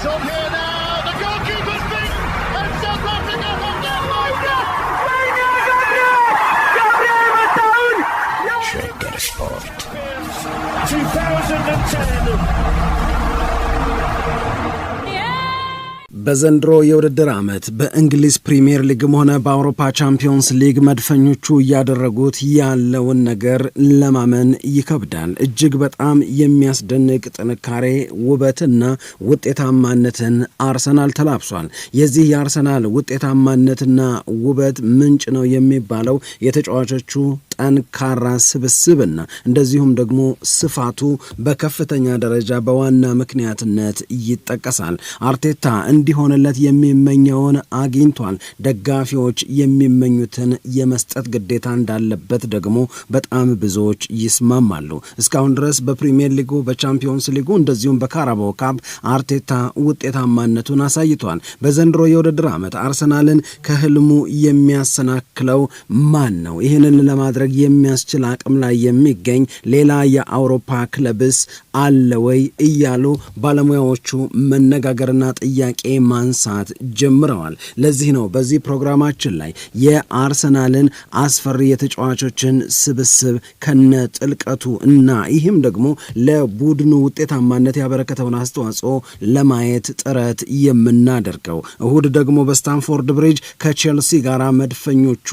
It's okay. በዘንድሮ የውድድር ዓመት በእንግሊዝ ፕሪምየር ሊግም ሆነ በአውሮፓ ቻምፒዮንስ ሊግ መድፈኞቹ እያደረጉት ያለውን ነገር ለማመን ይከብዳል። እጅግ በጣም የሚያስደንቅ ጥንካሬ፣ ውበትና ውጤታማነትን አርሰናል ተላብሷል። የዚህ የአርሰናል ውጤታማነትና ውበት ምንጭ ነው የሚባለው የተጫዋቾቹ ጠንካራ ስብስብና እንደዚሁም ደግሞ ስፋቱ በከፍተኛ ደረጃ በዋና ምክንያትነት ይጠቀሳል። አርቴታ እንዲሁ እንዲሆንለት የሚመኘውን አግኝቷል። ደጋፊዎች የሚመኙትን የመስጠት ግዴታ እንዳለበት ደግሞ በጣም ብዙዎች ይስማማሉ። እስካሁን ድረስ በፕሪምየር ሊጉ፣ በቻምፒዮንስ ሊጉ እንደዚሁም በካራባው ካፕ አርቴታ ውጤታማነቱን አሳይቷል። በዘንድሮ የውድድር ዓመት አርሰናልን ከህልሙ የሚያሰናክለው ማን ነው? ይህንን ለማድረግ የሚያስችል አቅም ላይ የሚገኝ ሌላ የአውሮፓ ክለብስ አለ ወይ እያሉ ባለሙያዎቹ መነጋገርና ጥያቄ ማንሳት ጀምረዋል። ለዚህ ነው በዚህ ፕሮግራማችን ላይ የአርሰናልን አስፈሪ የተጫዋቾችን ስብስብ ከነ ጥልቀቱ እና ይህም ደግሞ ለቡድኑ ውጤታማነት ያበረከተውን አስተዋጽኦ ለማየት ጥረት የምናደርገው። እሁድ ደግሞ በስታንፎርድ ብሪጅ ከቼልሲ ጋር መድፈኞቹ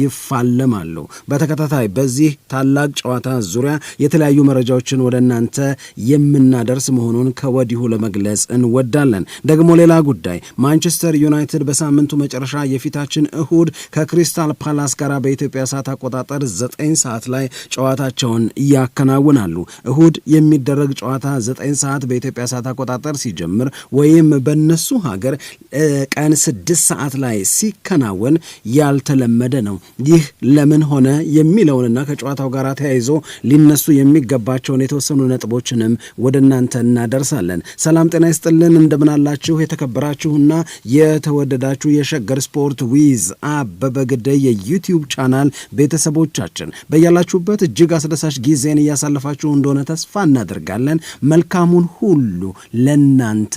ይፋለማሉ። በተከታታይ በዚህ ታላቅ ጨዋታ ዙሪያ የተለያዩ መረጃዎችን ወደ እናንተ የምናደርስ መሆኑን ከወዲሁ ለመግለጽ እንወዳለን። ደግሞ ሌላ ጉዳይ ማንቸስተር ዩናይትድ በሳምንቱ መጨረሻ የፊታችን እሁድ ከክሪስታል ፓላስ ጋር በኢትዮጵያ ሰዓት አቆጣጠር ዘጠኝ ሰዓት ላይ ጨዋታቸውን ያከናውናሉ። እሁድ የሚደረግ ጨዋታ ዘጠኝ ሰዓት በኢትዮጵያ ሰዓት አቆጣጠር ሲጀምር ወይም በነሱ ሀገር ቀን ስድስት ሰዓት ላይ ሲከናወን ያልተለመደ ነው። ይህ ለምን ሆነ የሚለውንና ከጨዋታው ጋር ተያይዞ ሊነሱ የሚገባቸውን የተወሰኑ ነጥቦችንም ወደ እናንተ እናደርሳለን። ሰላም ጤና ይስጥልን እንደምናላችሁ የተከበ የተከበራችሁና የተወደዳችሁ የሸገር ስፖርት ዊዝ አበበ ግደይ የዩቲዩብ ቻናል ቤተሰቦቻችን በያላችሁበት እጅግ አስደሳች ጊዜን እያሳለፋችሁ እንደሆነ ተስፋ እናደርጋለን። መልካሙን ሁሉ ለናንተ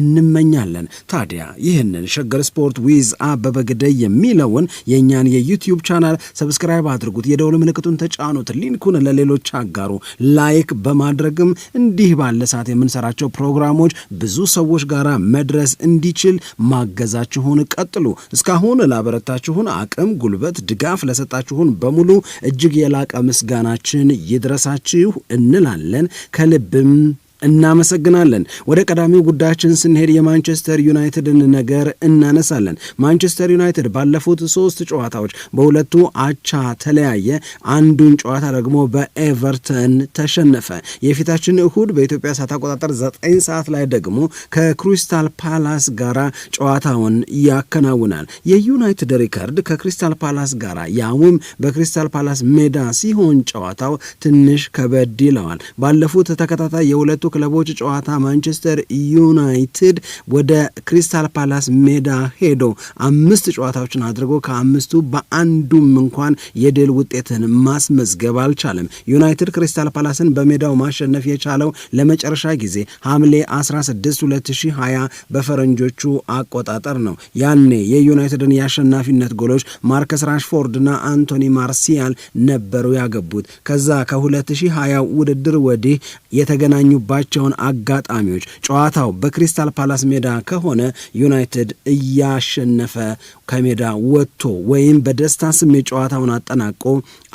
እንመኛለን። ታዲያ ይህንን ሸገር ስፖርት ዊዝ አበበ ግደይ የሚለውን የእኛን የዩቲዩብ ቻናል ሰብስክራይብ አድርጉት፣ የደውል ምልክቱን ተጫኑት፣ ሊንኩን ለሌሎች አጋሩ፣ ላይክ በማድረግም እንዲህ ባለ ሰዓት የምንሰራቸው ፕሮግራሞች ብዙ ሰዎች ጋር መድረስ እንዲችል ማገዛችሁን ቀጥሉ። እስካሁን ላበረታችሁን አቅም፣ ጉልበት፣ ድጋፍ ለሰጣችሁን በሙሉ እጅግ የላቀ ምስጋናችን ይድረሳችሁ እንላለን ከልብም እናመሰግናለን። ወደ ቀዳሚው ጉዳያችን ስንሄድ የማንቸስተር ዩናይትድን ነገር እናነሳለን። ማንቸስተር ዩናይትድ ባለፉት ሶስት ጨዋታዎች በሁለቱ አቻ ተለያየ፣ አንዱን ጨዋታ ደግሞ በኤቨርተን ተሸነፈ። የፊታችን እሁድ በኢትዮጵያ ሰዓት አቆጣጠር ዘጠኝ ሰዓት ላይ ደግሞ ከክሪስታል ፓላስ ጋር ጨዋታውን ያከናውናል። የዩናይትድ ሪከርድ ከክሪስታል ፓላስ ጋር ያውም በክሪስታል ፓላስ ሜዳ ሲሆን ጨዋታው ትንሽ ከበድ ይለዋል። ባለፉት ተከታታይ የሁለቱ ክለቦች ጨዋታ ማንቸስተር ዩናይትድ ወደ ክሪስታል ፓላስ ሜዳ ሄዶ አምስት ጨዋታዎችን አድርጎ ከአምስቱ በአንዱም እንኳን የድል ውጤትን ማስመዝገብ አልቻለም። ዩናይትድ ክሪስታል ፓላስን በሜዳው ማሸነፍ የቻለው ለመጨረሻ ጊዜ ሐምሌ 16 2020 በፈረንጆቹ አቆጣጠር ነው። ያኔ የዩናይትድን የአሸናፊነት ጎሎች ማርከስ ራሽፎርድና አንቶኒ ማርሲያል ነበሩ ያገቡት። ከዛ ከ2020 ውድድር ወዲህ የተገናኙባ የሚያገኙባቸውን አጋጣሚዎች ጨዋታው በክሪስታል ፓላስ ሜዳ ከሆነ ዩናይትድ እያሸነፈ ከሜዳ ወጥቶ ወይም በደስታ ስሜት ጨዋታውን አጠናቆ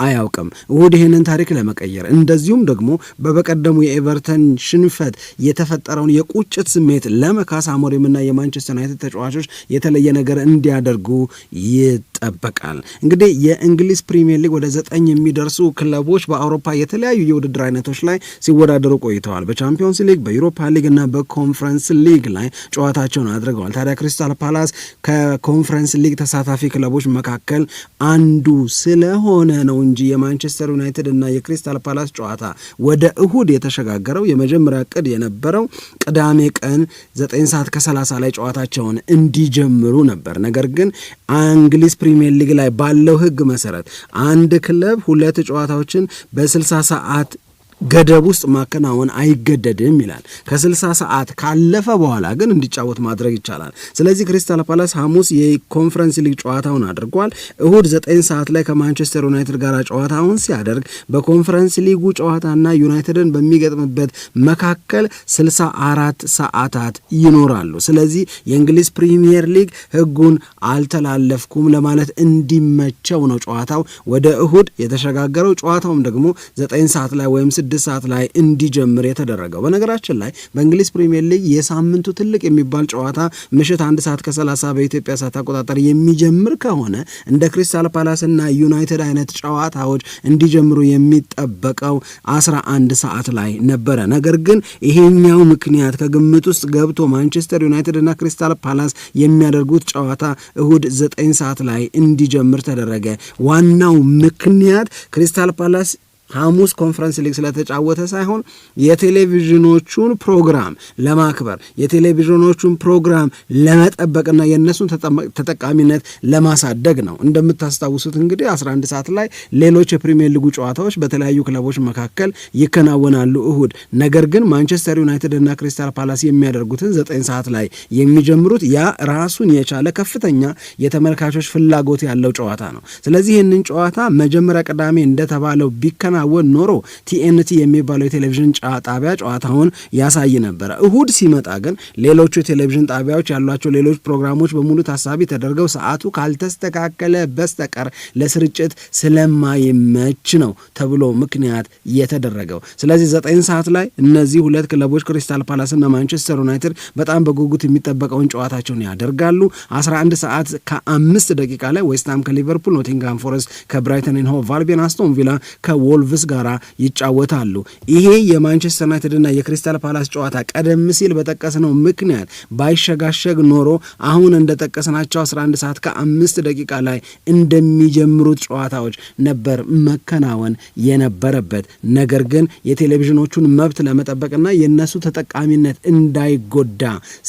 አያውቅም። እሁድ ይህንን ታሪክ ለመቀየር እንደዚሁም ደግሞ በበቀደሙ የኤቨርተን ሽንፈት የተፈጠረውን የቁጭት ስሜት ለመካስ አሞሪምና የማንቸስተር ዩናይትድ ተጫዋቾች የተለየ ነገር እንዲያደርጉ ይጠበቃል። እንግዲህ የእንግሊዝ ፕሪሚየር ሊግ ወደ ዘጠኝ የሚደርሱ ክለቦች በአውሮፓ የተለያዩ የውድድር አይነቶች ላይ ሲወዳደሩ ቆይተዋል። በቻምፒዮንስ ሊግ፣ በዩሮፓ ሊግ እና በኮንፈረንስ ሊግ ላይ ጨዋታቸውን አድርገዋል። ታዲያ ክሪስታል ፓላስ ከኮንፈረንስ ሊግ ተሳታፊ ክለቦች መካከል አንዱ ስለሆነ ነው እንጂ የማንቸስተር ዩናይትድ እና የክሪስታል ፓላስ ጨዋታ ወደ እሁድ የተሸጋገረው የመጀመሪያ እቅድ የነበረው ቅዳሜ ቀን 9 ሰዓት ከ30 ላይ ጨዋታቸውን እንዲጀምሩ ነበር። ነገር ግን እንግሊዝ ፕሪሚየር ሊግ ላይ ባለው ህግ መሰረት አንድ ክለብ ሁለት ጨዋታዎችን በስልሳ ሰዓት ገደብ ውስጥ ማከናወን አይገደድም ይላል። ከ60 ሰዓት ካለፈ በኋላ ግን እንዲጫወት ማድረግ ይቻላል። ስለዚህ ክሪስታል ፓላስ ሐሙስ የኮንፈረንስ ሊግ ጨዋታውን አድርጓል። እሁድ 9 ሰዓት ላይ ከማንቸስተር ዩናይትድ ጋር ጨዋታውን ሲያደርግ በኮንፈረንስ ሊጉ ጨዋታና ዩናይትድን በሚገጥምበት መካከል 64 ሰዓታት ይኖራሉ። ስለዚህ የእንግሊዝ ፕሪሚየር ሊግ ህጉን አልተላለፍኩም ለማለት እንዲመቸው ነው ጨዋታው ወደ እሁድ የተሸጋገረው። ጨዋታውም ደግሞ 9 ሰዓት ላይ ወይም ሰዓት ላይ እንዲጀምር የተደረገው። በነገራችን ላይ በእንግሊዝ ፕሪምየር ሊግ የሳምንቱ ትልቅ የሚባል ጨዋታ ምሽት አንድ ሰዓት ከሰላሳ በኢትዮጵያ ሰዓት አቆጣጠር የሚጀምር ከሆነ እንደ ክሪስታል ፓላስ እና ዩናይትድ አይነት ጨዋታዎች እንዲጀምሩ የሚጠበቀው አስራ አንድ ሰዓት ላይ ነበረ። ነገር ግን ይሄኛው ምክንያት ከግምት ውስጥ ገብቶ ማንቸስተር ዩናይትድ እና ክሪስታል ፓላስ የሚያደርጉት ጨዋታ እሁድ ዘጠኝ ሰዓት ላይ እንዲጀምር ተደረገ። ዋናው ምክንያት ክሪስታል ፓላስ ሐሙስ ኮንፈረንስ ሊግ ስለተጫወተ ሳይሆን የቴሌቪዥኖቹን ፕሮግራም ለማክበር የቴሌቪዥኖቹን ፕሮግራም ለመጠበቅና የእነሱን ተጠቃሚነት ለማሳደግ ነው። እንደምታስታውሱት እንግዲህ 11 ሰዓት ላይ ሌሎች የፕሪሚየር ሊጉ ጨዋታዎች በተለያዩ ክለቦች መካከል ይከናወናሉ እሁድ። ነገር ግን ማንቸስተር ዩናይትድ እና ክሪስታል ፓላስ የሚያደርጉትን 9 ሰዓት ላይ የሚጀምሩት ያ ራሱን የቻለ ከፍተኛ የተመልካቾች ፍላጎት ያለው ጨዋታ ነው። ስለዚህ ይህንን ጨዋታ መጀመሪያ ቅዳሜ እንደተባለው ቢከና ቢከናወን ኖሮ ቲኤንቲ የሚባለው የቴሌቪዥን ጣቢያ ጨዋታውን ያሳይ ነበረ። እሁድ ሲመጣ ግን ሌሎቹ የቴሌቪዥን ጣቢያዎች ያሏቸው ሌሎች ፕሮግራሞች በሙሉ ታሳቢ ተደርገው ሰዓቱ ካልተስተካከለ በስተቀር ለስርጭት ስለማይመች ነው ተብሎ ምክንያት የተደረገው። ስለዚህ ዘጠኝ ሰዓት ላይ እነዚህ ሁለት ክለቦች ክሪስታል ፓላስና ማንቸስተር ዩናይትድ በጣም በጉጉት የሚጠበቀውን ጨዋታቸውን ያደርጋሉ። 11 ሰዓት ከአምስት ደቂቃ ላይ ዌስትሃም ከሊቨርፑል፣ ኖቲንግሃም ፎረስት ከብራይተን ኤንሆ ቫልቢየን፣ አስቶን ቪላ ሰርቪስ ጋር ይጫወታሉ። ይሄ የማንቸስተር ዩናይትድና የክሪስታል ፓላስ ጨዋታ ቀደም ሲል በጠቀስነው ምክንያት ባይሸጋሸግ ኖሮ አሁን እንደጠቀስናቸው 11 ሰዓት ከአምስት ደቂቃ ላይ እንደሚጀምሩት ጨዋታዎች ነበር መከናወን የነበረበት። ነገር ግን የቴሌቪዥኖቹን መብት ለመጠበቅና የእነሱ ተጠቃሚነት እንዳይጎዳ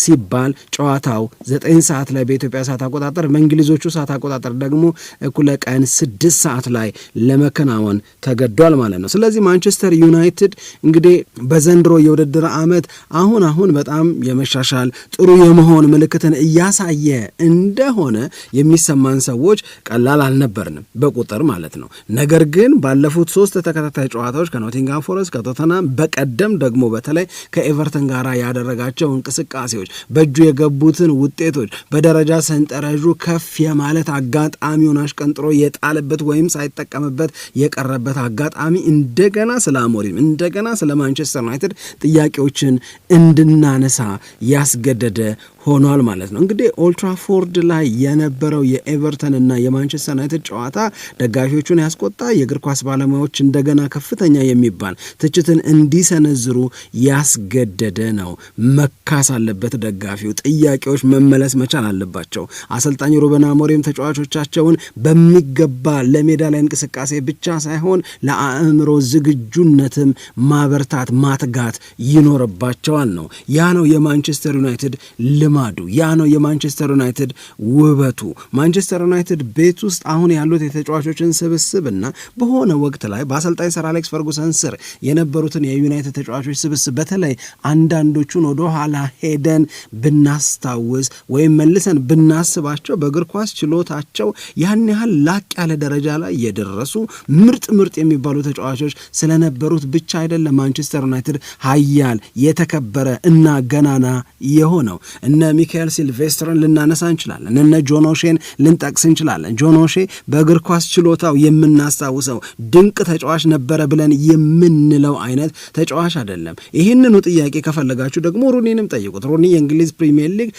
ሲባል ጨዋታው 9 ሰዓት ላይ በኢትዮጵያ ሰዓት አቆጣጠር በእንግሊዞቹ ሰዓት አቆጣጠር ደግሞ እኩለ ቀን 6 ሰዓት ላይ ለመከናወን ተገዷል። ይችላል ማለት ነው። ስለዚህ ማንቸስተር ዩናይትድ እንግዲህ በዘንድሮ የውድድር ዓመት አሁን አሁን በጣም የመሻሻል ጥሩ የመሆን ምልክትን እያሳየ እንደሆነ የሚሰማን ሰዎች ቀላል አልነበርንም በቁጥር ማለት ነው። ነገር ግን ባለፉት ሶስት ተከታታይ ጨዋታዎች ከኖቲንጋም ፎረስት፣ ከቶተናም በቀደም ደግሞ በተለይ ከኤቨርተን ጋር ያደረጋቸው እንቅስቃሴዎች በእጁ የገቡትን ውጤቶች በደረጃ ሰንጠረዡ ከፍ የማለት አጋጣሚውን አሽቀንጥሮ የጣለበት ወይም ሳይጠቀምበት የቀረበት አጋጣሚ አጋጣሚ እንደገና ስለ አሞሪም እንደገና ስለ ማንቸስተር ዩናይትድ ጥያቄዎችን እንድናነሳ ያስገደደ ሆኗል ማለት ነው። እንግዲህ ኦልትራፎርድ ላይ የነበረው የኤቨርተን እና የማንቸስተር ዩናይትድ ጨዋታ ደጋፊዎቹን ያስቆጣ፣ የእግር ኳስ ባለሙያዎች እንደገና ከፍተኛ የሚባል ትችትን እንዲሰነዝሩ ያስገደደ ነው። መካስ አለበት ደጋፊው። ጥያቄዎች መመለስ መቻል አለባቸው። አሰልጣኝ ሩበን አሞሪም ተጫዋቾቻቸውን በሚገባ ለሜዳ ላይ እንቅስቃሴ ብቻ ሳይሆን ለአእምሮ ዝግጁነትም ማበርታት ማትጋት ይኖርባቸዋል ነው ያ ነው የማንቸስተር ዩናይትድ ልማዱ ያ ነው የማንቸስተር ዩናይትድ ውበቱ። ማንቸስተር ዩናይትድ ቤት ውስጥ አሁን ያሉት የተጫዋቾችን ስብስብ እና በሆነ ወቅት ላይ በአሰልጣኝ ሰር አሌክስ ፈርጉሰን ስር የነበሩትን የዩናይትድ ተጫዋቾች ስብስብ በተለይ አንዳንዶቹን ወደ ኋላ ሄደን ብናስታውስ ወይም መልሰን ብናስባቸው በእግር ኳስ ችሎታቸው ያን ያህል ላቅ ያለ ደረጃ ላይ የደረሱ ምርጥ ምርጥ የሚባሉ ተጫዋቾች ስለነበሩት ብቻ አይደለም ማንቸስተር ዩናይትድ ሀያል የተከበረ እና ገናና የሆነው። እነ ሚካኤል ሲልቬስትርን ልናነሳ እንችላለን። እነ ጆኖሼን ልንጠቅስ እንችላለን። ጆኖሼ በእግር ኳስ ችሎታው የምናስታውሰው ድንቅ ተጫዋች ነበረ ብለን የምንለው አይነት ተጫዋች አይደለም። ይህንኑ ጥያቄ ከፈለጋችሁ ደግሞ ሩኒንም ጠይቁት። ሩኒ የእንግሊዝ ፕሪሚየር ሊግ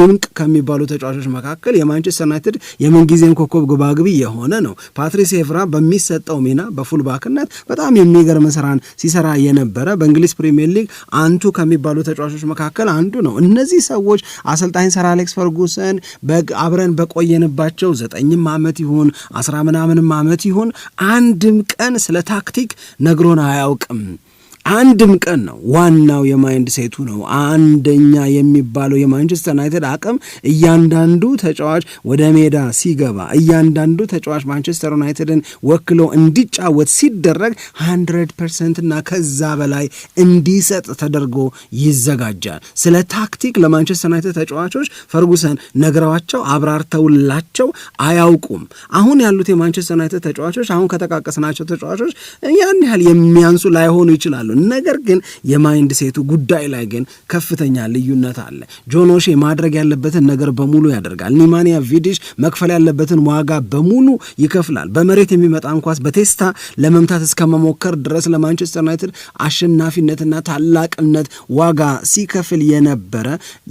ድንቅ ከሚባሉ ተጫዋቾች መካከል የማንቸስተር ዩናይትድ የምንጊዜም ኮከብ ግባግቢ የሆነ ነው። ፓትሪስ ኤቭራ በሚሰጠው ሚና በፉልባክነት በጣም የሚገርም ስራን ሲሰራ የነበረ በእንግሊዝ ፕሪሚየር ሊግ አንቱ ከሚባሉ ተጫዋቾች መካከል አንዱ ነው። እነዚህ ሰዎች አሰልጣኝ ሰር አሌክስ ፈርጉሰን አብረን በቆየንባቸው ዘጠኝም ዓመት ይሁን አስራ ምናምንም ዓመት ይሁን አንድም ቀን ስለ ታክቲክ ነግሮን አያውቅም። አንድም ቀን ነው። ዋናው የማይንድ ሴቱ ነው አንደኛ የሚባለው የማንቸስተር ዩናይትድ አቅም። እያንዳንዱ ተጫዋች ወደ ሜዳ ሲገባ፣ እያንዳንዱ ተጫዋች ማንቸስተር ዩናይትድን ወክሎ እንዲጫወት ሲደረግ ሃንድረድ ፐርሰንት እና ከዛ በላይ እንዲሰጥ ተደርጎ ይዘጋጃል። ስለ ታክቲክ ለማንቸስተር ዩናይትድ ተጫዋቾች ፈርጉሰን ነግረዋቸው አብራርተውላቸው አያውቁም። አሁን ያሉት የማንቸስተር ዩናይትድ ተጫዋቾች አሁን ከጠቃቀስናቸው ተጫዋቾች ያን ያህል የሚያንሱ ላይሆኑ ይችላሉ። ነገር ግን የማይንድ ሴቱ ጉዳይ ላይ ግን ከፍተኛ ልዩነት አለ። ጆኖሼ ማድረግ ያለበትን ነገር በሙሉ ያደርጋል። ኒማኒያ ቪዲሽ መክፈል ያለበትን ዋጋ በሙሉ ይከፍላል። በመሬት የሚመጣን ኳስ በቴስታ ለመምታት እስከመሞከር ድረስ ለማንቸስተር ዩናይትድ አሸናፊነትና ታላቅነት ዋጋ ሲከፍል የነበረ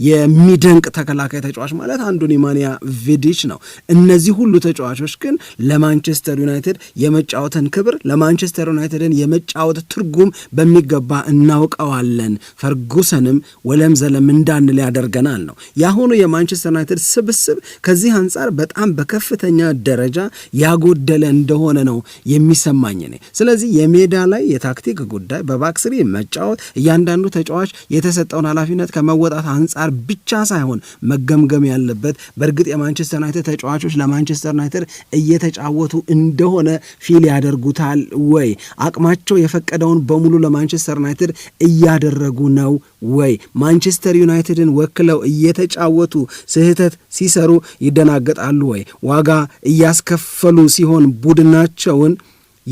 የሚደንቅ ተከላካይ ተጫዋች ማለት አንዱ ኒማኒያ ቪዲች ነው። እነዚህ ሁሉ ተጫዋቾች ግን ለማንቸስተር ዩናይትድ የመጫወትን ክብር ለማንቸስተር ዩናይትድን የመጫወት ትርጉም በሚ በሚገባ እናውቀዋለን፣ ፈርጉሰንም ወለም ዘለም እንዳንል ያደርገናል ነው የአሁኑ የማንቸስተር ዩናይትድ ስብስብ። ከዚህ አንጻር በጣም በከፍተኛ ደረጃ ያጎደለ እንደሆነ ነው የሚሰማኝ እኔ። ስለዚህ የሜዳ ላይ የታክቲክ ጉዳይ በባክስሪ መጫወት እያንዳንዱ ተጫዋች የተሰጠውን ኃላፊነት ከመወጣት አንጻር ብቻ ሳይሆን መገምገም ያለበት በእርግጥ የማንቸስተር ዩናይትድ ተጫዋቾች ለማንቸስተር ዩናይትድ እየተጫወቱ እንደሆነ ፊል ያደርጉታል ወይ አቅማቸው የፈቀደውን በሙሉ ማንቸስተር ዩናይትድ እያደረጉ ነው ወይ? ማንቸስተር ዩናይትድን ወክለው እየተጫወቱ ስህተት ሲሰሩ ይደናገጣሉ ወይ? ዋጋ እያስከፈሉ ሲሆን ቡድናቸውን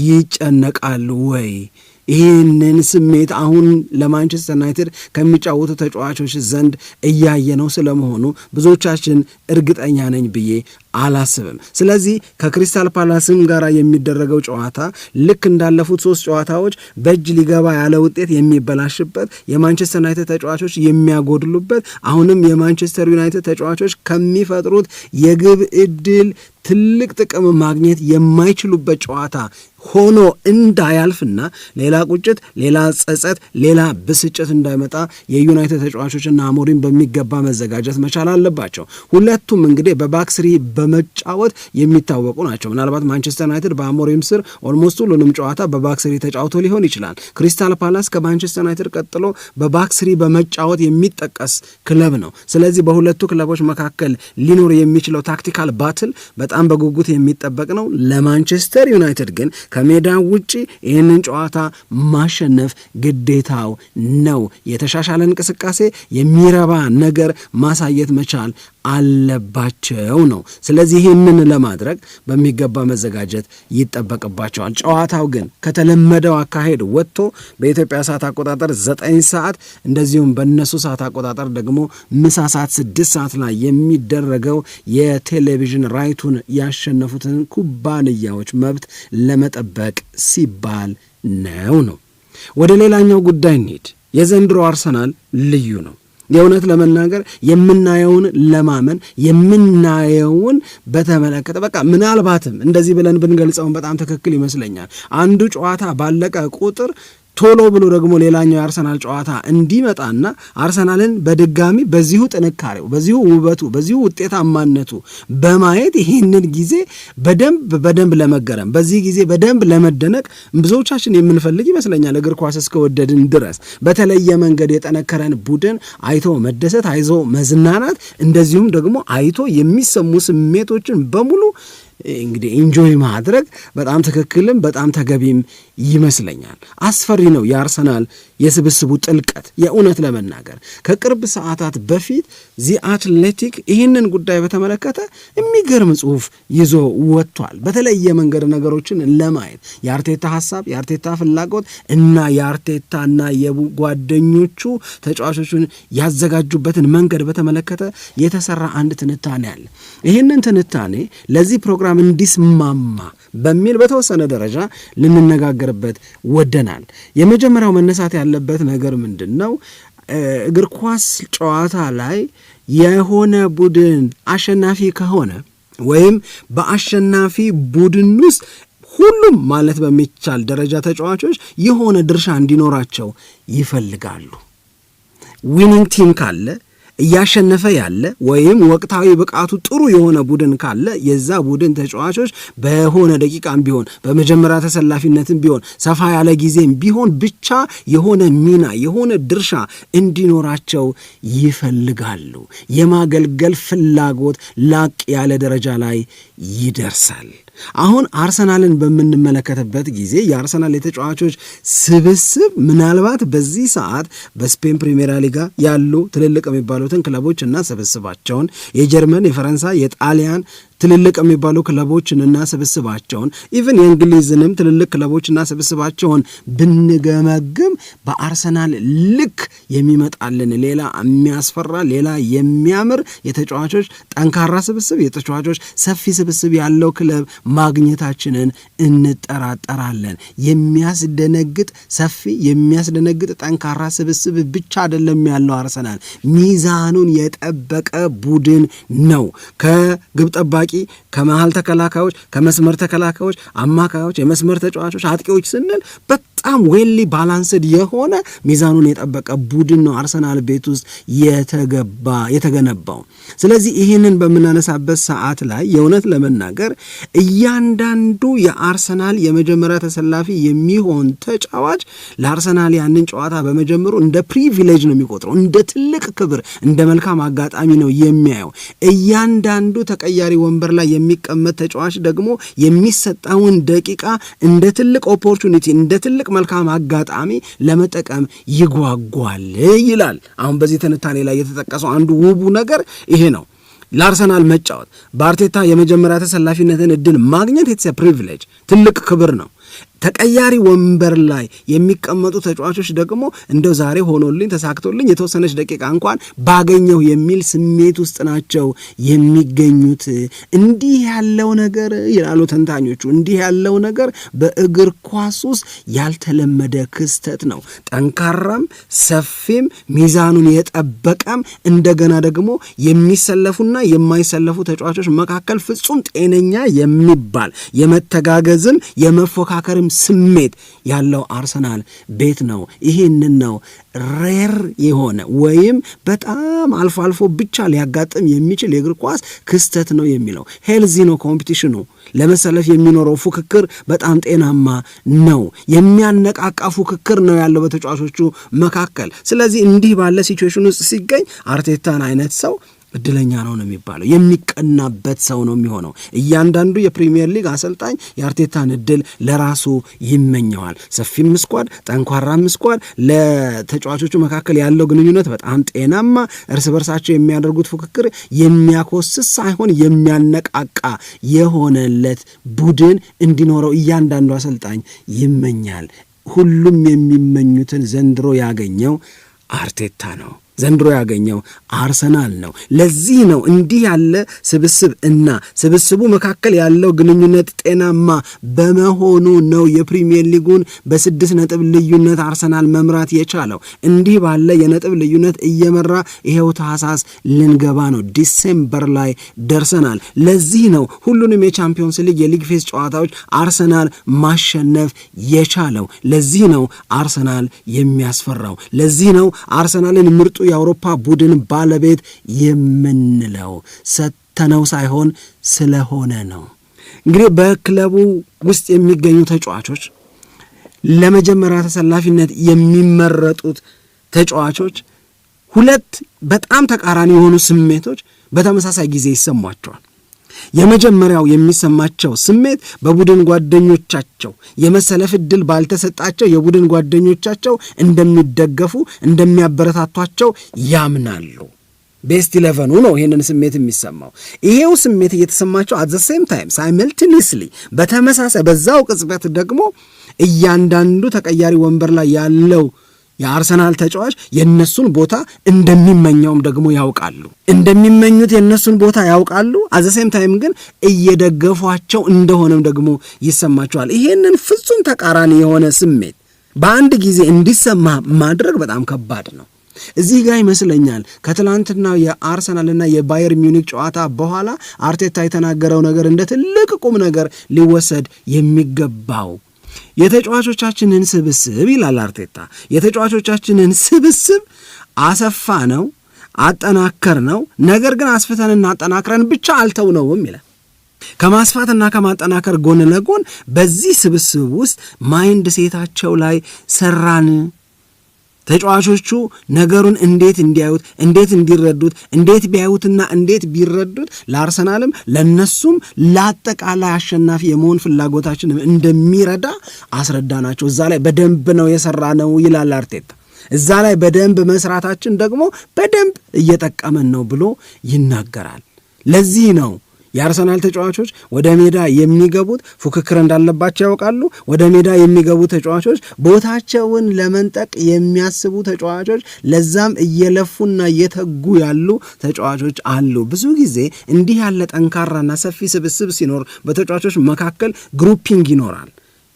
ይጨነቃሉ ወይ? ይህንን ስሜት አሁን ለማንቸስተር ዩናይትድ ከሚጫወቱ ተጫዋቾች ዘንድ እያየ ነው ስለመሆኑ ብዙዎቻችን እርግጠኛ ነኝ ብዬ አላስብም። ስለዚህ ከክሪስታል ፓላስም ጋር የሚደረገው ጨዋታ ልክ እንዳለፉት ሶስት ጨዋታዎች በእጅ ሊገባ ያለ ውጤት የሚበላሽበት የማንቸስተር ዩናይትድ ተጫዋቾች የሚያጎድሉበት አሁንም የማንቸስተር ዩናይትድ ተጫዋቾች ከሚፈጥሩት የግብ እድል ትልቅ ጥቅም ማግኘት የማይችሉበት ጨዋታ ሆኖ እንዳያልፍና ሌላ ቁጭት፣ ሌላ ጸጸት፣ ሌላ ብስጭት እንዳይመጣ የዩናይትድ ተጫዋቾችና አሞሪም በሚገባ መዘጋጀት መቻል አለባቸው። ሁለቱም እንግዲህ በባክስሪ በመጫወት የሚታወቁ ናቸው። ምናልባት ማንቸስተር ዩናይትድ በአሞሪም ስር ኦልሞስት ሁሉንም ጨዋታ በባክስሪ ተጫውቶ ሊሆን ይችላል። ክሪስታል ፓላስ ከማንቸስተር ዩናይትድ ቀጥሎ በባክስሪ በመጫወት የሚጠቀስ ክለብ ነው። ስለዚህ በሁለቱ ክለቦች መካከል ሊኖር የሚችለው ታክቲካል ባትል በጣም በጉጉት የሚጠበቅ ነው። ለማንቸስተር ዩናይትድ ግን ከሜዳ ውጪ ይህንን ጨዋታ ማሸነፍ ግዴታው ነው። የተሻሻለ እንቅስቃሴ፣ የሚረባ ነገር ማሳየት መቻል አለባቸው ነው። ስለዚህ ይህንን ለማድረግ በሚገባ መዘጋጀት ይጠበቅባቸዋል። ጨዋታው ግን ከተለመደው አካሄድ ወጥቶ በኢትዮጵያ ሰዓት አቆጣጠር ዘጠኝ ሰዓት እንደዚሁም በእነሱ ሰዓት አቆጣጠር ደግሞ ምሳ ሰዓት ስድስት ሰዓት ላይ የሚደረገው የቴሌቪዥን ራይቱን ያሸነፉትን ኩባንያዎች መብት ለመጠበቅ ሲባል ነው ነው። ወደ ሌላኛው ጉዳይ እንሂድ። የዘንድሮ አርሰናል ልዩ ነው። የእውነት ለመናገር የምናየውን ለማመን የምናየውን በተመለከተ በቃ ምናልባትም እንደዚህ ብለን ብንገልጸውን በጣም ትክክል ይመስለኛል። አንዱ ጨዋታ ባለቀ ቁጥር ቶሎ ብሎ ደግሞ ሌላኛው የአርሰናል ጨዋታ እንዲመጣና አርሰናልን በድጋሚ በዚሁ ጥንካሬው፣ በዚሁ ውበቱ፣ በዚሁ ውጤታማነቱ በማየት ይህንን ጊዜ በደንብ በደንብ ለመገረም በዚህ ጊዜ በደንብ ለመደነቅ ብዙዎቻችን የምንፈልግ ይመስለኛል። እግር ኳስ እስከወደድን ድረስ በተለየ መንገድ የጠነከረን ቡድን አይቶ መደሰት፣ አይዞ መዝናናት፣ እንደዚሁም ደግሞ አይቶ የሚሰሙ ስሜቶችን በሙሉ እንግዲህ ኢንጆይ ማድረግ በጣም ትክክልም በጣም ተገቢም ይመስለኛል። አስፈሪ ነው የአርሰናል የስብስቡ ጥልቀት። የእውነት ለመናገር ከቅርብ ሰዓታት በፊት ዚ አትሌቲክ ይህንን ጉዳይ በተመለከተ የሚገርም ጽሑፍ ይዞ ወጥቷል። በተለየ መንገድ ነገሮችን ለማየት የአርቴታ ሀሳብ፣ የአርቴታ ፍላጎት እና የአርቴታና የጓደኞቹ ተጫዋቾቹን ያዘጋጁበትን መንገድ በተመለከተ የተሰራ አንድ ትንታኔ አለ። ይህንን ትንታኔ ለዚህ ፕሮግራም ፕሮግራም እንዲስማማ በሚል በተወሰነ ደረጃ ልንነጋገርበት ወደናል። የመጀመሪያው መነሳት ያለበት ነገር ምንድን ነው? እግር ኳስ ጨዋታ ላይ የሆነ ቡድን አሸናፊ ከሆነ ወይም በአሸናፊ ቡድን ውስጥ ሁሉም ማለት በሚቻል ደረጃ ተጫዋቾች የሆነ ድርሻ እንዲኖራቸው ይፈልጋሉ። ዊኒንግ ቲም ካለ እያሸነፈ ያለ ወይም ወቅታዊ ብቃቱ ጥሩ የሆነ ቡድን ካለ የዛ ቡድን ተጫዋቾች በሆነ ደቂቃም ቢሆን በመጀመሪያ ተሰላፊነትም ቢሆን ሰፋ ያለ ጊዜም ቢሆን ብቻ የሆነ ሚና የሆነ ድርሻ እንዲኖራቸው ይፈልጋሉ። የማገልገል ፍላጎት ላቅ ያለ ደረጃ ላይ ይደርሳል። አሁን አርሰናልን በምንመለከትበት ጊዜ የአርሰናል የተጫዋቾች ስብስብ ምናልባት በዚህ ሰዓት በስፔን ፕሪሜራ ሊጋ ያሉ ትልልቅ የሚባሉትን ክለቦች እና ስብስባቸውን የጀርመን፣ የፈረንሳይ፣ የጣሊያን ትልልቅ የሚባሉ ክለቦችን እና ስብስባቸውን ኢቭን የእንግሊዝንም ትልልቅ ክለቦች እና ስብስባቸውን ብንገመግም በአርሰናል ልክ የሚመጣልን ሌላ የሚያስፈራ ሌላ የሚያምር የተጫዋቾች ጠንካራ ስብስብ የተጫዋቾች ሰፊ ስብስብ ያለው ክለብ ማግኘታችንን እንጠራጠራለን። የሚያስደነግጥ ሰፊ የሚያስደነግጥ ጠንካራ ስብስብ ብቻ አይደለም ያለው አርሰናል ሚዛኑን የጠበቀ ቡድን ነው ከግብ ጠባ አጥቂ፣ ከመሀል ተከላካዮች፣ ከመስመር ተከላካዮች፣ አማካዮች፣ የመስመር ተጫዋቾች፣ አጥቂዎች ስንል በጣም ዌሊ ባላንስድ የሆነ ሚዛኑን የጠበቀ ቡድን ነው አርሰናል ቤት ውስጥ የተገባ የተገነባው። ስለዚህ ይህንን በምናነሳበት ሰዓት ላይ የእውነት ለመናገር እያንዳንዱ የአርሰናል የመጀመሪያ ተሰላፊ የሚሆን ተጫዋች ለአርሰናል ያንን ጨዋታ በመጀመሩ እንደ ፕሪቪሌጅ ነው የሚቆጥረው፣ እንደ ትልቅ ክብር፣ እንደ መልካም አጋጣሚ ነው የሚያየው። እያንዳንዱ ተቀያሪ ወ ወንበር ላይ የሚቀመጥ ተጫዋች ደግሞ የሚሰጠውን ደቂቃ እንደ ትልቅ ኦፖርቹኒቲ እንደ ትልቅ መልካም አጋጣሚ ለመጠቀም ይጓጓል ይላል። አሁን በዚህ ትንታኔ ላይ የተጠቀሰው አንዱ ውቡ ነገር ይሄ ነው። ለአርሰናል መጫወት በአርቴታ የመጀመሪያ ተሰላፊነትን እድል ማግኘት የተሰ ፕሪቪሌጅ ትልቅ ክብር ነው። ተቀያሪ ወንበር ላይ የሚቀመጡ ተጫዋቾች ደግሞ እንደው ዛሬ ሆኖልኝ ተሳክቶልኝ የተወሰነች ደቂቃ እንኳን ባገኘው የሚል ስሜት ውስጥ ናቸው የሚገኙት። እንዲህ ያለው ነገር ይላሉ ተንታኞቹ፣ እንዲህ ያለው ነገር በእግር ኳስ ውስጥ ያልተለመደ ክስተት ነው። ጠንካራም ሰፊም ሚዛኑን የጠበቀም እንደገና ደግሞ የሚሰለፉና የማይሰለፉ ተጫዋቾች መካከል ፍጹም ጤነኛ የሚባል የመተጋገዝም የመፎካከርም ስሜት ያለው አርሰናል ቤት ነው። ይህንን ነው ሬር የሆነ ወይም በጣም አልፎ አልፎ ብቻ ሊያጋጥም የሚችል የእግር ኳስ ክስተት ነው የሚለው ሄልዚ ነው። ኮምፒቲሽኑ ለመሰለፍ የሚኖረው ፉክክር በጣም ጤናማ ነው። የሚያነቃቃ ፉክክር ነው ያለው በተጫዋቾቹ መካከል። ስለዚህ እንዲህ ባለ ሲቹዌሽን ውስጥ ሲገኝ አርቴታን አይነት ሰው እድለኛ ነው ነው የሚባለው። የሚቀናበት ሰው ነው የሚሆነው። እያንዳንዱ የፕሪሚየር ሊግ አሰልጣኝ የአርቴታን እድል ለራሱ ይመኘዋል። ሰፊም ስኳድ፣ ጠንኳራም ስኳድ፣ ለተጫዋቾቹ መካከል ያለው ግንኙነት በጣም ጤናማ፣ እርስ በርሳቸው የሚያደርጉት ፉክክር የሚያኮስስ ሳይሆን የሚያነቃቃ የሆነለት ቡድን እንዲኖረው እያንዳንዱ አሰልጣኝ ይመኛል። ሁሉም የሚመኙትን ዘንድሮ ያገኘው አርቴታ ነው። ዘንድሮ ያገኘው አርሰናል ነው። ለዚህ ነው እንዲህ ያለ ስብስብ እና ስብስቡ መካከል ያለው ግንኙነት ጤናማ በመሆኑ ነው የፕሪሚየር ሊጉን በስድስት ነጥብ ልዩነት አርሰናል መምራት የቻለው። እንዲህ ባለ የነጥብ ልዩነት እየመራ ይሄው ታህሳስ ልንገባ ነው፣ ዲሴምበር ላይ ደርሰናል። ለዚህ ነው ሁሉንም የቻምፒዮንስ ሊግ የሊግ ፌዝ ጨዋታዎች አርሰናል ማሸነፍ የቻለው። ለዚህ ነው አርሰናል የሚያስፈራው። ለዚህ ነው አርሰናልን ምርጡ የአውሮፓ ቡድን ባለቤት የምንለው ሰተነው ሳይሆን ስለሆነ ነው። እንግዲህ በክለቡ ውስጥ የሚገኙ ተጫዋቾች ለመጀመሪያ ተሰላፊነት የሚመረጡት ተጫዋቾች ሁለት በጣም ተቃራኒ የሆኑ ስሜቶች በተመሳሳይ ጊዜ ይሰሟቸዋል። የመጀመሪያው የሚሰማቸው ስሜት በቡድን ጓደኞቻቸው የመሰለፍ እድል ባልተሰጣቸው የቡድን ጓደኞቻቸው እንደሚደገፉ እንደሚያበረታቷቸው ያምናሉ። ቤስት ኢለቨኑ ነው ይህንን ስሜት የሚሰማው። ይሄው ስሜት እየተሰማቸው አት ዘ ሴም ታይም ሳይመልትኒስሊ በተመሳሳይ በዛው ቅጽበት ደግሞ እያንዳንዱ ተቀያሪ ወንበር ላይ ያለው የአርሰናል ተጫዋች የእነሱን ቦታ እንደሚመኘውም ደግሞ ያውቃሉ። እንደሚመኙት የእነሱን ቦታ ያውቃሉ። አዘሴም ታይም ግን እየደገፏቸው እንደሆነም ደግሞ ይሰማቸዋል። ይሄንን ፍጹም ተቃራኒ የሆነ ስሜት በአንድ ጊዜ እንዲሰማ ማድረግ በጣም ከባድ ነው። እዚህ ጋር ይመስለኛል ከትላንትናው የአርሰናልና የባየር ሚኒክ ጨዋታ በኋላ አርቴታ የተናገረው ነገር እንደ ትልቅ ቁም ነገር ሊወሰድ የሚገባው የተጫዋቾቻችንን ስብስብ ይላል አርቴታ፣ የተጫዋቾቻችንን ስብስብ አሰፋ ነው አጠናከር ነው። ነገር ግን አስፍተንና አጠናክረን ብቻ ነውም ይላል። ከማስፋትና ከማጠናከር ጎን ለጎን በዚህ ስብስብ ውስጥ ማይንድ ሴታቸው ላይ ሰራን ተጫዋቾቹ ነገሩን እንዴት እንዲያዩት እንዴት እንዲረዱት እንዴት ቢያዩትና እንዴት ቢረዱት ለአርሰናልም ለነሱም ለአጠቃላይ አሸናፊ የመሆን ፍላጎታችንም እንደሚረዳ አስረዳ ናቸው እዛ ላይ በደንብ ነው የሰራ ነው ይላል አርቴታ። እዛ ላይ በደንብ መስራታችን ደግሞ በደንብ እየጠቀመን ነው ብሎ ይናገራል። ለዚህ ነው የአርሰናል ተጫዋቾች ወደ ሜዳ የሚገቡት ፉክክር እንዳለባቸው ያውቃሉ። ወደ ሜዳ የሚገቡ ተጫዋቾች ቦታቸውን ለመንጠቅ የሚያስቡ ተጫዋቾች፣ ለዛም እየለፉና እየተጉ ያሉ ተጫዋቾች አሉ። ብዙ ጊዜ እንዲህ ያለ ጠንካራና ሰፊ ስብስብ ሲኖር በተጫዋቾች መካከል ግሩፒንግ ይኖራል።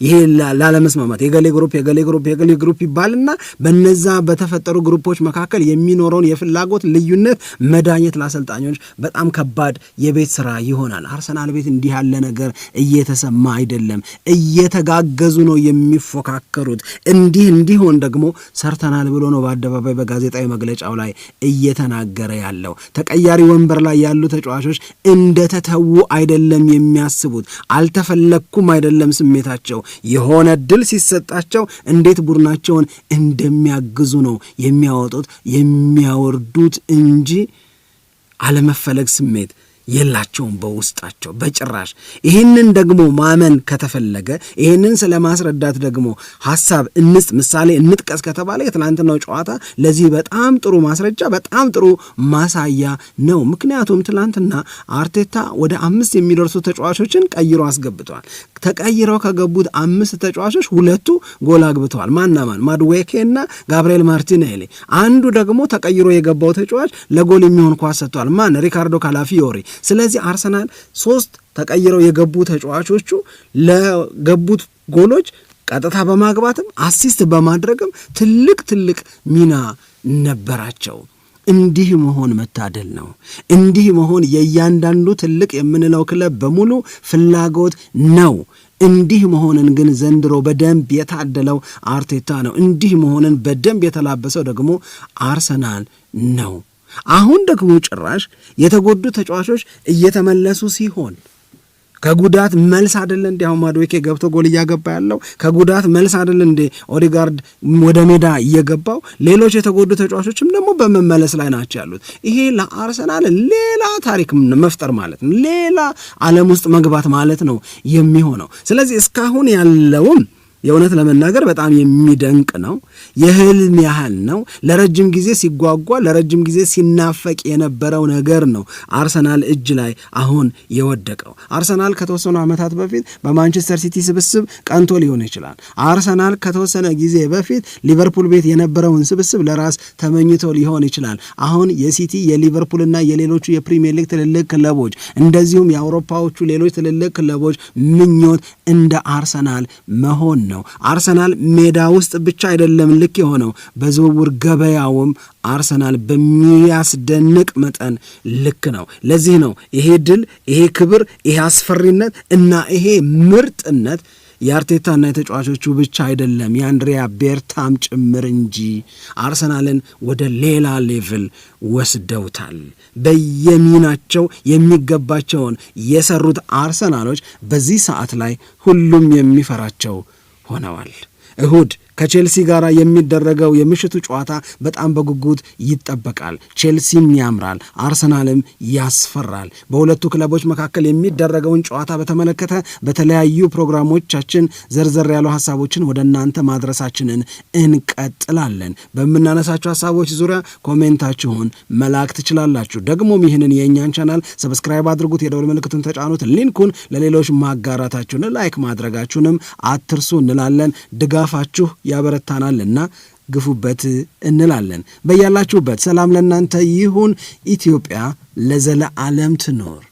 ይሄ ላለመስማማት የገሌ ግሩፕ የገሌ ግሩፕ የገሌ ግሩፕ ይባልና በነዛ በተፈጠሩ ግሩፖች መካከል የሚኖረውን የፍላጎት ልዩነት መዳኘት ለአሰልጣኞች በጣም ከባድ የቤት ስራ ይሆናል። አርሰናል ቤት እንዲህ ያለ ነገር እየተሰማ አይደለም። እየተጋገዙ ነው የሚፎካከሩት። እንዲህ እንዲሆን ደግሞ ሰርተናል ብሎ ነው በአደባባይ በጋዜጣዊ መግለጫው ላይ እየተናገረ ያለው። ተቀያሪ ወንበር ላይ ያሉ ተጫዋቾች እንደተተዉ አይደለም የሚያስቡት፣ አልተፈለግኩም አይደለም ስሜታቸው የሆነ ድል ሲሰጣቸው እንዴት ቡድናቸውን እንደሚያግዙ ነው የሚያወጡት የሚያወርዱት እንጂ አለመፈለግ ስሜት የላቸውም በውስጣቸው በጭራሽ። ይህንን ደግሞ ማመን ከተፈለገ ይህንን ስለ ማስረዳት ደግሞ ሀሳብ እንስጥ፣ ምሳሌ እንጥቀስ ከተባለ የትላንትናው ጨዋታ ለዚህ በጣም ጥሩ ማስረጃ በጣም ጥሩ ማሳያ ነው። ምክንያቱም ትላንትና አርቴታ ወደ አምስት የሚደርሱ ተጫዋቾችን ቀይሮ አስገብተዋል። ተቀይረው ከገቡት አምስት ተጫዋቾች ሁለቱ ጎል አግብተዋል። ማን? ማድዌኬ እና ጋብርኤል ማርቲኔሊ። አንዱ ደግሞ ተቀይሮ የገባው ተጫዋች ለጎል የሚሆን ኳስ ሰጥቷል። ማን ሪካርዶ ካላፊዮሪ ስለዚህ አርሰናል ሶስት ተቀይረው የገቡ ተጫዋቾቹ ለገቡት ጎሎች ቀጥታ በማግባትም አሲስት በማድረግም ትልቅ ትልቅ ሚና ነበራቸው። እንዲህ መሆን መታደል ነው። እንዲህ መሆን የእያንዳንዱ ትልቅ የምንለው ክለብ በሙሉ ፍላጎት ነው። እንዲህ መሆንን ግን ዘንድሮ በደንብ የታደለው አርቴታ ነው። እንዲህ መሆንን በደንብ የተላበሰው ደግሞ አርሰናል ነው። አሁን ደግሞ ጭራሽ የተጎዱ ተጫዋቾች እየተመለሱ ሲሆን ከጉዳት መልስ አደለ እንዴ? አሁን ማድዌኬ ገብቶ ጎል እያገባ ያለው ከጉዳት መልስ አደለ እንዴ? ኦዲጋርድ ወደ ሜዳ እየገባው፣ ሌሎች የተጎዱ ተጫዋቾችም ደግሞ በመመለስ ላይ ናቸው ያሉት። ይሄ ለአርሰናል ሌላ ታሪክ መፍጠር ማለት ነው፣ ሌላ ዓለም ውስጥ መግባት ማለት ነው የሚሆነው። ስለዚህ እስካሁን ያለውም የእውነት ለመናገር በጣም የሚደንቅ ነው። የህልም ያህል ነው። ለረጅም ጊዜ ሲጓጓ፣ ለረጅም ጊዜ ሲናፈቅ የነበረው ነገር ነው አርሰናል እጅ ላይ አሁን የወደቀው። አርሰናል ከተወሰኑ ዓመታት በፊት በማንቸስተር ሲቲ ስብስብ ቀንቶ ሊሆን ይችላል። አርሰናል ከተወሰነ ጊዜ በፊት ሊቨርፑል ቤት የነበረውን ስብስብ ለራስ ተመኝቶ ሊሆን ይችላል። አሁን የሲቲ የሊቨርፑልና የሌሎቹ የፕሪሚየር ሊግ ትልልቅ ክለቦች እንደዚሁም የአውሮፓዎቹ ሌሎች ትልልቅ ክለቦች ምኞት እንደ አርሰናል መሆን ነው። አርሰናል ሜዳ ውስጥ ብቻ አይደለም ልክ የሆነው በዝውውር ገበያውም አርሰናል በሚያስደንቅ መጠን ልክ ነው። ለዚህ ነው ይሄ ድል፣ ይሄ ክብር፣ ይሄ አስፈሪነት እና ይሄ ምርጥነት የአርቴታና የተጫዋቾቹ ብቻ አይደለም የአንድሪያ ቤርታም ጭምር እንጂ አርሰናልን ወደ ሌላ ሌቭል ወስደውታል። በየሚናቸው የሚገባቸውን የሰሩት አርሰናሎች በዚህ ሰዓት ላይ ሁሉም የሚፈራቸው ሆነዋል። እሁድ ከቼልሲ ጋር የሚደረገው የምሽቱ ጨዋታ በጣም በጉጉት ይጠበቃል። ቼልሲም ያምራል፣ አርሰናልም ያስፈራል። በሁለቱ ክለቦች መካከል የሚደረገውን ጨዋታ በተመለከተ በተለያዩ ፕሮግራሞቻችን ዘርዘር ያሉ ሀሳቦችን ወደ እናንተ ማድረሳችንን እንቀጥላለን። በምናነሳቸው ሀሳቦች ዙሪያ ኮሜንታችሁን መላክ ትችላላችሁ። ደግሞም ይህንን የእኛን ቻናል ሰብስክራይብ አድርጉት፣ የደውል ምልክቱን ተጫኑት፣ ሊንኩን ለሌሎች ማጋራታችሁን ላይክ ማድረጋችሁንም አትርሱ እንላለን። ድጋፋችሁ ያበረታናል እና ግፉበት እንላለን። በያላችሁበት ሰላም ለእናንተ ይሁን። ኢትዮጵያ ለዘለዓለም ትኖር።